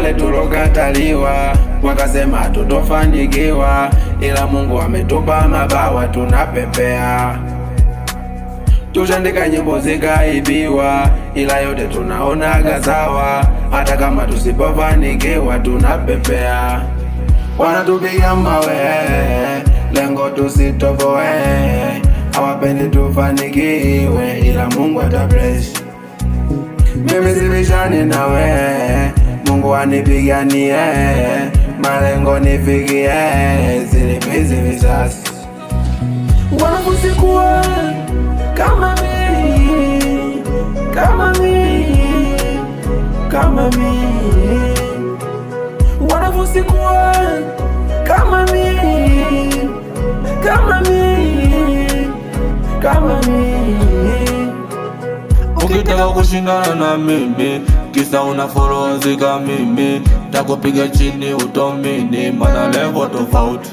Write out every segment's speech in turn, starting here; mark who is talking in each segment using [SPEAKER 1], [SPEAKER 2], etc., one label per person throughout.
[SPEAKER 1] pale tulokataliwa, wakasema tutofanikiwa, ila Mungu ametupa mabawa, tunapepea. Tushandika nyimbo zikaibiwa, ila yote tunaonaga sawa, hata kama tusipofanikiwa, tunapepea. Wanatupiga mawe, lengo tusitoboe, hawapendi tufanikiwe, ila Mungu atabless. Mimi sibishani nawe Mungu anipiganie, malengo nifikie, zilipizi vizazi
[SPEAKER 2] wangu sikuwa kama mimi, kama mimi, kama mimi wangu sikuwa kama mimi, kama mimi, kama mimi
[SPEAKER 1] ukitaka kushindana na mimi kisa una followers mimi, takupiga chini utomini, mana level tofauti.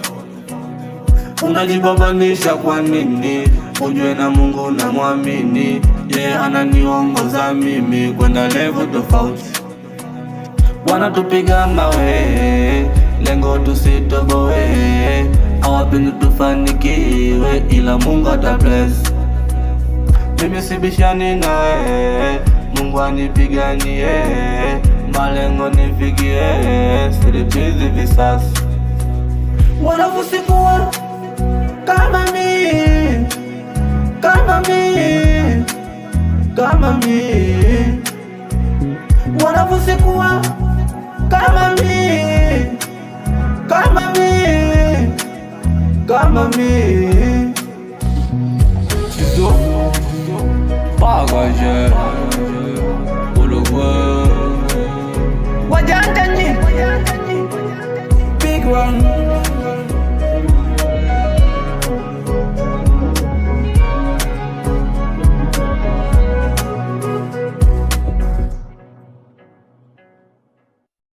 [SPEAKER 1] unajibabanisha kwa nini? Ujue na Mungu na mwamini, niongo ananiongoza mimi kwenda level tofauti. Wanatupiga mawe, lengo tusitoboe, awapendi tufanikiwe, ila Mungu ata bless. Mimi sibishani nawe Mungu anipiganie, malengo nifikie, silipizi visasi.
[SPEAKER 2] Wanafusikua kama mimi, kama mimi, kama mimi, wanafusikua kama mimi, kama mimi, kama mimi.
[SPEAKER 1] Pagaje
[SPEAKER 2] one